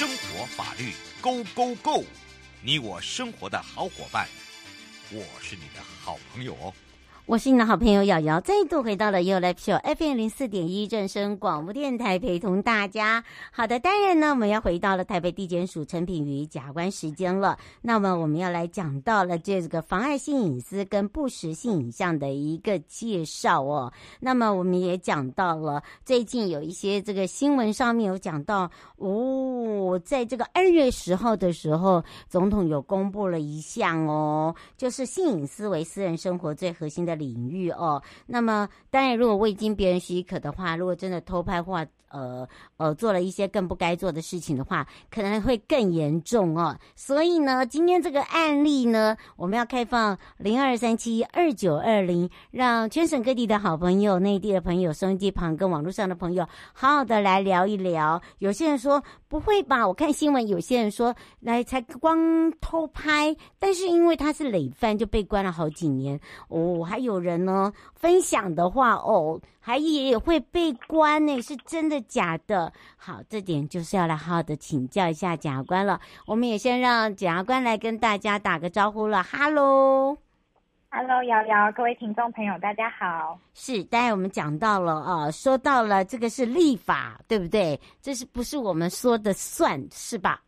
生活法律，Go Go Go！你我生活的好伙伴，我是你的好朋友哦。我是你的好朋友瑤瑤，再度回到了 YouLife Show FM 零四點一正聲廣播電臺，陪同大家。好的，當然呢，我們要回到了台北地檢署陳品妤檢察官時間了。那麼我們要來講到了這個妨害性隱私跟不實性影像的一個介紹哦。那麼我們也講到了最近有一些這個新聞上面有講到哦，在這個二月十號的時候，總統有公布了一項哦，就是性隱私為私人生活最核心的。領域哦，那麼當然，如果未經別人許可的話，如果真的偷拍的話，呃呃，做了一些更不該做的事情的話，可能會更嚴重哦。所以呢，今天這個案例呢，我們要開放零二三七二九二零，讓全省各地的好朋友、內地的朋友、收音機旁跟網絡上的朋友，好好的來聊一聊。有些人說不會吧？我看新聞，有些人說來才光偷拍，但是因為他是累犯，就被關了好幾年哦。還有人呢，分享的話哦。還也會被關呢、欸，是真的假的？好，這點就是要來好好的請教一下檢察官了。我們也先讓檢察官來跟大家打個招呼了，Hello，Hello，Hello, 瑤瑤，各位聽眾朋友，大家好。是，剛才我們講到了啊，說到了這個是立法，對不對？這是不是我們說的算，是吧？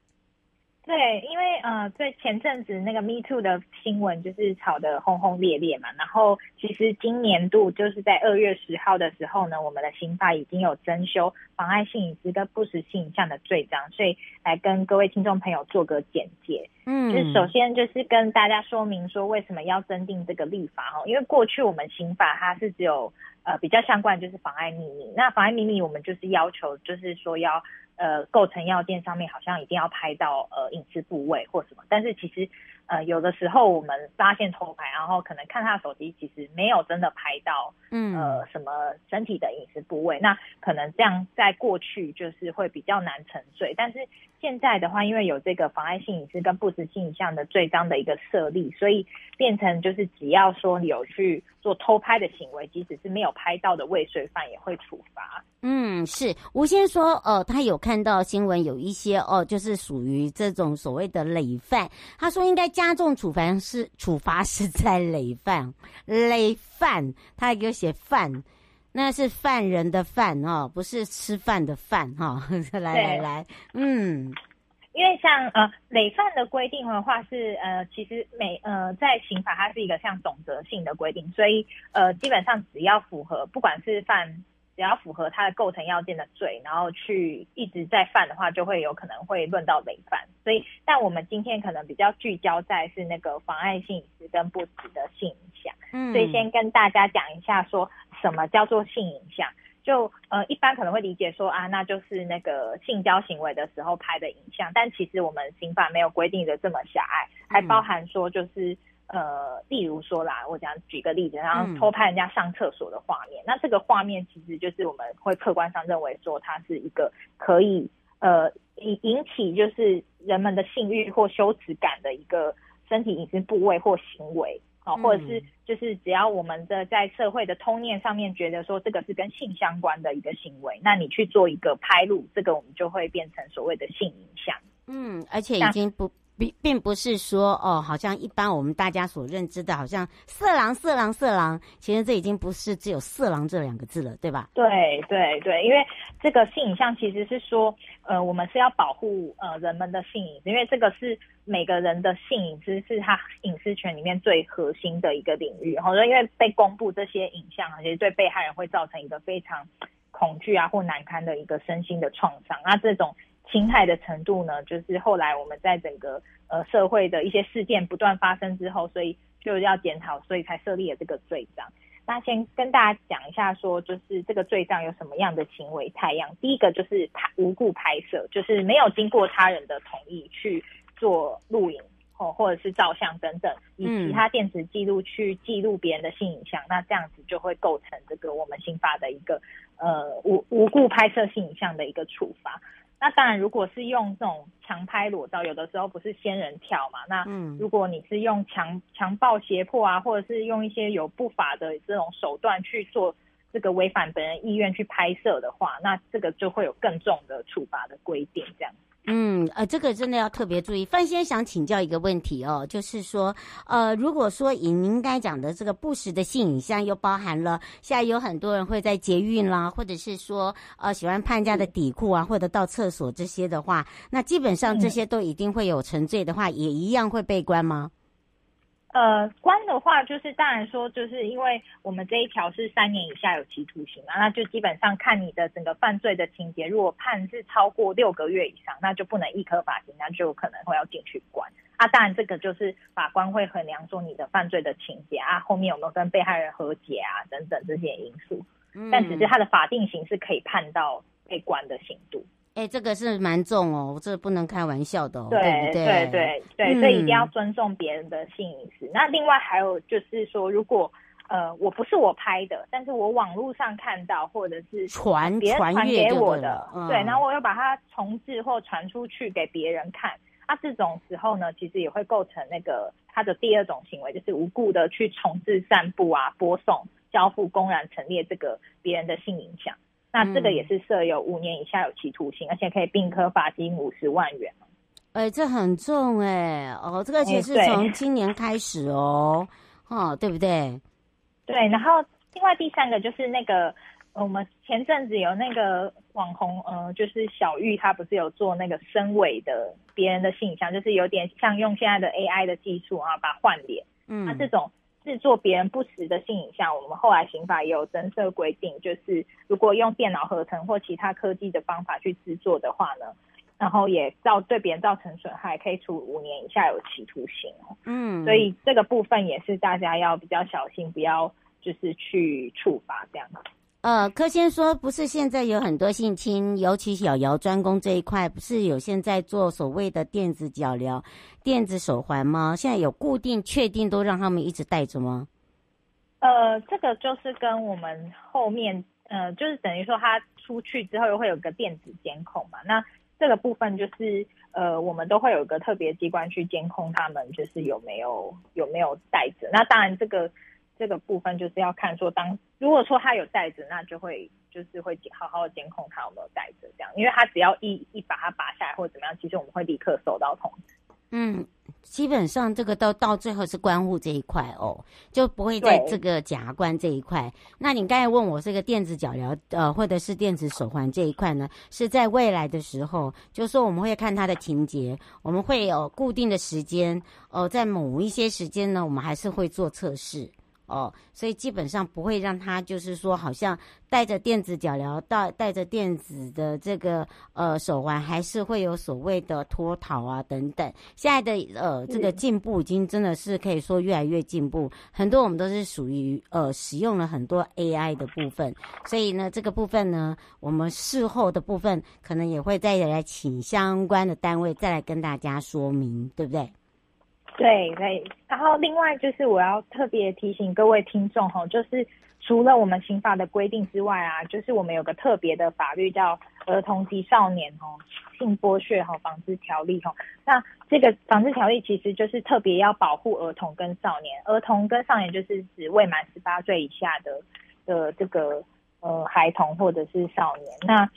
對，因為呃，對前陣子那個 Me Too 的新聞就是炒得轟轟烈烈嘛，然後其實今年度就是在二月十號的時候呢，我們的刑法已經有增修妨害性隱私跟不實性影像的罪章，所以來跟各位聽眾朋友做個簡介。嗯，就是首先就是跟大家說明說為什麼要增訂這個立法哦，因為過去我們刑法它是只有呃比較相關的就是妨害秘密，那妨害秘密我們就是要求就是說要。呃，構成要件上面好像一定要拍到呃隱私部位或什麼，但是其實呃有的時候我們發現偷拍，然後可能看他的手機其實沒有真的拍到嗯呃什麼身體的隱私部位，那可能這樣在過去就是會比較難沉睡，但是。現在的話，因為有這個妨害性隱私跟不實性影像的罪章的一個設立，所以變成就是只要說你有去做偷拍的行為，即使是沒有拍到的未遂犯也會處罰。嗯，是吳先說，呃，他有看到新聞有一些哦、呃，就是屬於這種所謂的累犯，他說應該加重處罰是處罰是在累犯累犯，他有寫犯。那是犯人的犯哦，不是吃飯的飯哈，哦。 來來來，對嗯，因為像呃累犯的規定的話是呃，其實每呃在刑法它是一個像總則性的規定，所以呃基本上只要符合不管是犯只要符合它的構成要件的罪，然後去一直在犯的話，就會有可能會論到累犯。所以但我們今天可能比較聚焦在是那個妨害性隱私跟不實的性影像，嗯、所以先跟大家講一下說。什麼叫做性影像？就呃，一般可能會理解說啊，那就是那個性交行為的時候拍的影像。但其實我們刑法沒有規定的這麼狹隘，還包含說就是呃，例如說啦，我講舉個例子，然後偷拍人家上廁所的畫面。嗯、那這個畫面其實就是我們會客觀上認為說，它是一個可以呃引引起就是人們的性欲或羞恥感的一個身體隱私部位或行為。哦，或者是就是只要我們的在社會的通念上面覺得說這個是跟性相關的一個行為，那你去做一個拍錄，這個我們就會變成所謂的性影像。嗯，而且已經不。並不是說哦，好像一般我們大家所認知的，好像色狼、色狼、色狼，其實這已經不是只有色狼這兩個字了，對吧？對對對，因為這個性影像其實是說，呃，我們是要保護呃人們的性隱私，因為這個是每個人的性隱私，是他隱私權裡面最核心的一個領域。然後因為被公布這些影像啊，其實對被害人會造成一個非常恐懼啊或難堪的一個身心的創傷。那這種。侵害的程度呢，就是後來我們在整個呃社會的一些事件不斷發生之後，所以就要檢討，所以才設立了這個罪章。那先跟大家講一下說，說就是這個罪章有什麼樣的行為態樣？第一個就是拍無故拍攝，就是沒有經過他人的同意去做錄影或者是照相等等，以其他電子記錄去記錄別人的性影像，嗯、那這樣子就會構成這個我們刑法的一個呃無無故拍攝性影像的一個處罰。那當然，如果是用這種強拍裸照，有的時候不是仙人跳嘛？那如果你是用強強暴脅迫啊，或者是用一些有不法的這種手段去做這個違反本人意願去拍攝的話，那這個就會有更重的處罰的規定，這樣子。嗯，呃，這個真的要特別注意。范先生想請教一個問題哦，就是說，呃，如果說以您剛才講的這個不實的性影像，又包含了現在有很多人會在捷運啦，嗯、或者是說，呃，喜歡拍家的底褲啊，或者到廁所這些的話，那基本上這些都一定會有成罪的話，嗯、也一樣會被關嗎？呃，關的話就是，當然說，就是因為我們這一條是三年以下有期徒刑嘛，那就基本上看你的整個犯罪的情節。如果判是超過六個月以上，那就不能易科罰金，那就可能會要進去關。啊，當然這個就是法官會衡量說你的犯罪的情節啊，後面有沒有跟被害人和解啊，等等這些因素。嗯，但只是他的法定刑是可以判到被關的刑度。嗯哎、欸，這個是蠻重哦，這不能開玩笑的，對不對？對對對，所以、嗯、一定要尊重別人的性隱私。那另外還有就是說，如果呃我不是我拍的，但是我網絡上看到或者是傳傳給我的，對,嗯、對，然後我又把它重製或傳出去給別人看，那、啊、這種時候呢，其實也會構成那個他的第二種行為，就是無故的去重製散布啊、播送、交付、公然陳列這個別人的性影像。那這個也是設有五年以下有期徒刑，嗯、而且可以併科罰金五十萬元。哎、欸，這很重哎、欸！哦，這個其實從今年開始哦，哦、欸，對不對？對。然後，另外第三個就是那個，呃、我們前陣子有那個網紅，呃，就是小玉，她不是有做那個深偽的別人的性影像，就是有點像用現在的 AI 的技術啊，把換臉。嗯。那這種。製作別人不實的性影像，我們後來刑法也有增設規定，就是如果用電腦合成或其他科技的方法去製作的話呢，然後也造對別人造成損害，可以處五年以下有期徒刑。嗯，所以這個部分也是大家要比較小心，不要就是去觸犯這樣子。呃，柯先說不是現在有很多性侵，尤其小姚專攻這一塊，不是有現在做所謂的電子腳療、電子手環嗎？現在有固定確定都讓他們一直帶着嗎？呃，這個就是跟我們後面，呃，就是等於說他出去之後又會有個電子監控嘛。那這個部分就是，呃，我們都會有一個特別機關去監控他們，就是有沒有有沒有帶着。那當然這個。這個部分就是要看說當，當如果說他有戴著，那就會就是會好好的監控他有沒有戴著這樣，因為他只要一一把它拔下來或者怎麼樣，其實我們會立刻收到通知。嗯，基本上這個到到最後是觀護這一塊哦，就不會在這個夾關這一塊。對那你剛才問我這個電子腳鐐呃或者是電子手環這一塊呢，是在未來的時候，就是說我們會看他的情節，我們會有固定的時間哦、呃，在某一些時間呢，我們還是會做測試。哦，所以基本上不會讓他，就是說，好像帶着電子腳鐐，帶帶着電子的這個呃手環，還是會有所謂的脫逃啊等等。現在的呃這個進步已經真的是可以說越來越進步，很多我們都是屬於呃使用了很多 AI 的部分。所以呢，這個部分呢，我們事後的部分可能也會再來請相關的單位再來跟大家說明，對不對？對對，然後另外就是我要特別提醒各位聽眾哈，就是除了我們刑法的規定之外啊，就是我們有個特別的法律叫《兒童及少年哦性剝削和防制條例》哦。那這個防制條例其實就是特別要保護兒童跟少年，兒童跟少年就是指未滿十八歲以下的的這個呃孩童或者是少年。那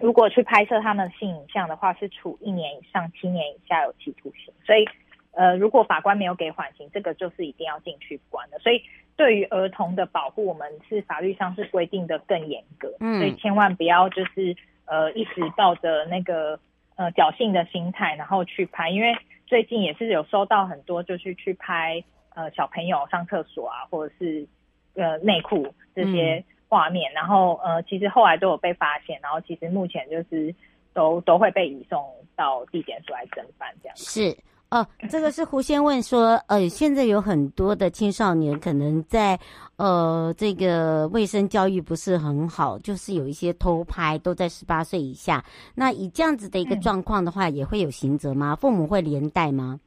如果去拍攝他們性影像的話，是處一年以上七年以下有期徒刑，所以。呃，如果法官沒有給緩刑，這個就是一定要進去關的。所以對於兒童的保護，我們是法律上是規定的更嚴格，嗯、所以千萬不要就是呃一直抱着那個呃僥幸的心態，然後去拍。因為最近也是有收到很多，就是去拍呃小朋友上廁所啊，或者是呃內褲這些畫面，嗯、然後呃其實後來都有被發現，然後其實目前就是都都會被移送到地檢署來偵辦這樣子。是。哦，這個是胡先問說，呃，現在有很多的青少年可能在，呃，這個衛生教育不是很好，就是有一些偷拍都在十八歲以下。那以這樣子的一個狀況的話，也會有刑責嗎？嗯、父母會連帶嗎？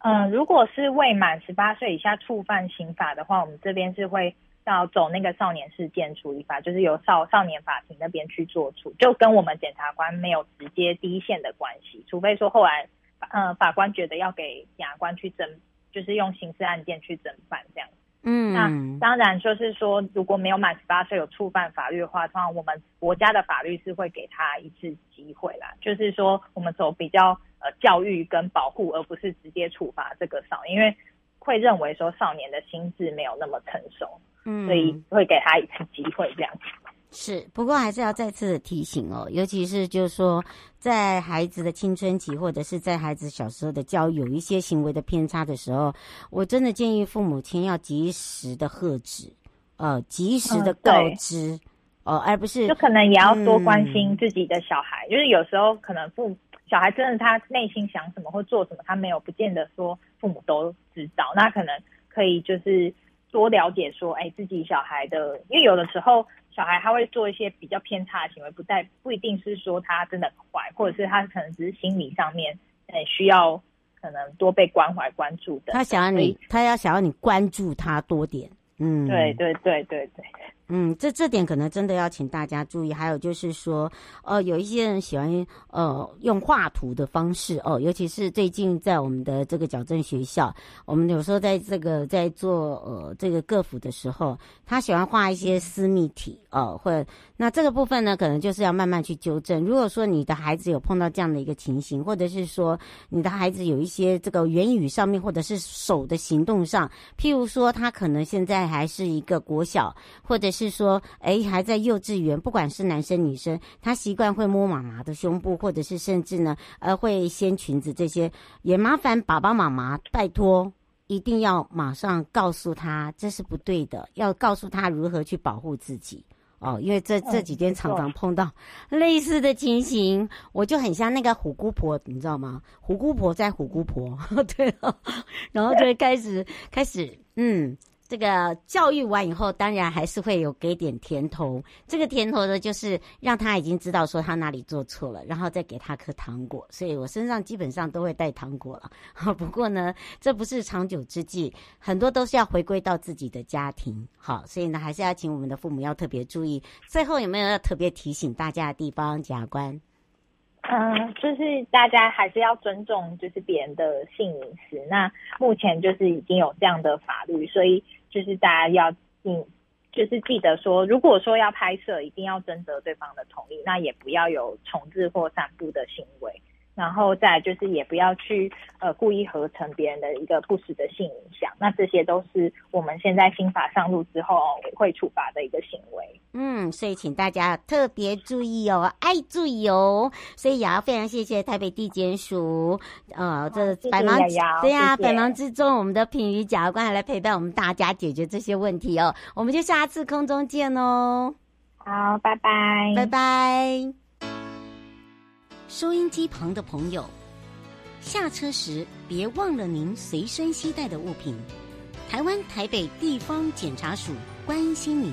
嗯、呃，如果是未滿十八歲以下觸犯刑法的話，我們這邊是會要走那個少年事件處理法，就是由少少年法庭那邊去做處，就跟我們檢察官沒有直接第一線的關係，除非說後來。呃，法官覺得要給檢察官去偵，就是用刑事案件去偵辦這樣。嗯，那當然就是說，如果沒有滿十八歲有觸犯法律的話，當然我們國家的法律是會給他一次機會啦。就是說，我們走比較呃教育跟保護，而不是直接處罰這個少，因為會認為說少年的心智沒有那麼成熟，嗯，所以會給他一次機會這樣子。嗯 是，不過還是要再次提醒哦，尤其是就是說，在孩子的青春期或者是在孩子小時候的教育，有一些行為的偏差的時候，我真的建議父母親要及時的喝止，呃，及時的告知，嗯、哦，而不是就可能也要多關心自己的小孩，因為、嗯、有時候可能父小孩真的他內心想什麼或做什麼，他沒有不見得說父母都知道，那可能可以就是多了解說，哎，自己小孩的，因為有的時候。小孩他會做一些比較偏差的行為，不帶不一定是說他真的壞，或者是他可能只是心理上面，呃，需要可能多被關懷關注的。他想要你，以他要想要你關注他多點。嗯，對對對對對。嗯，這這點可能真的要請大家注意。還有就是說，呃，有一些人喜歡呃用畫圖的方式哦、呃，尤其是最近在我們的這個矯正學校，我們有時候在這個在做呃這個個輔的時候，他喜歡畫一些私密體哦、呃，或那這個部分呢，可能就是要慢慢去糾正。如果說你的孩子有碰到這樣的一個情形，或者是說你的孩子有一些這個言語上面，或者是手的行動上，譬如說他可能現在還是一個國小，或者是是說，哎，還在幼稚園，不管是男生女生，他習慣會摸媽媽的胸部，或者是甚至呢，呃，會掀裙子，這些也麻煩爸爸媽媽，拜託，一定要馬上告訴他，這是不對的，要告訴他如何去保護自己。哦，因為這這幾天常常碰到類似的情形，我就很像那個虎姑婆，你知道嗎？虎姑婆在虎姑婆，對哦，然後就會開始開始，嗯。這個教育完以後，當然還是會有給點甜頭。這個甜頭呢，就是讓他已經知道說他哪裡做錯了，然後再給他顆糖果。所以我身上基本上都會帶糖果了。不過呢，這不是長久之計，很多都是要回歸到自己的家庭。好，所以呢，還是要請我們的父母要特別注意。最後有沒有要特別提醒大家的地方，檢察官？嗯、呃，就是大家還是要尊重，就是別人的性隱私。那目前就是已經有這樣的法律，所以就是大家要嗯，就是記得說，如果說要拍攝，一定要徵得對方的同意，那也不要有重製或散布的行為。然後再來就是也不要去呃故意合成別人的一個不實的性影像，那這些都是我們現在新法上路之後會處罰的一個行為。所以，請大家特別注意哦，愛注意哦。所以，也要非常謝謝台北地檢署，嗯、呃，這個、百忙對呀、啊，百忙謝之中，我們的品妤檢察官來陪伴我們大家解決這些問題哦。我們就下次空中見哦。好，拜拜，拜拜。收音機旁的朋友，下車時別忘了您隨身攜帶的物品。台灣台北地方檢察署關心您。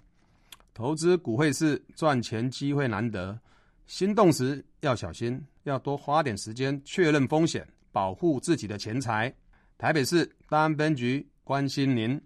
投資股匯市賺錢機會難得，心動時要小心，要多花點時間確認風險，保護自己的錢財。台北市大安分局關心您。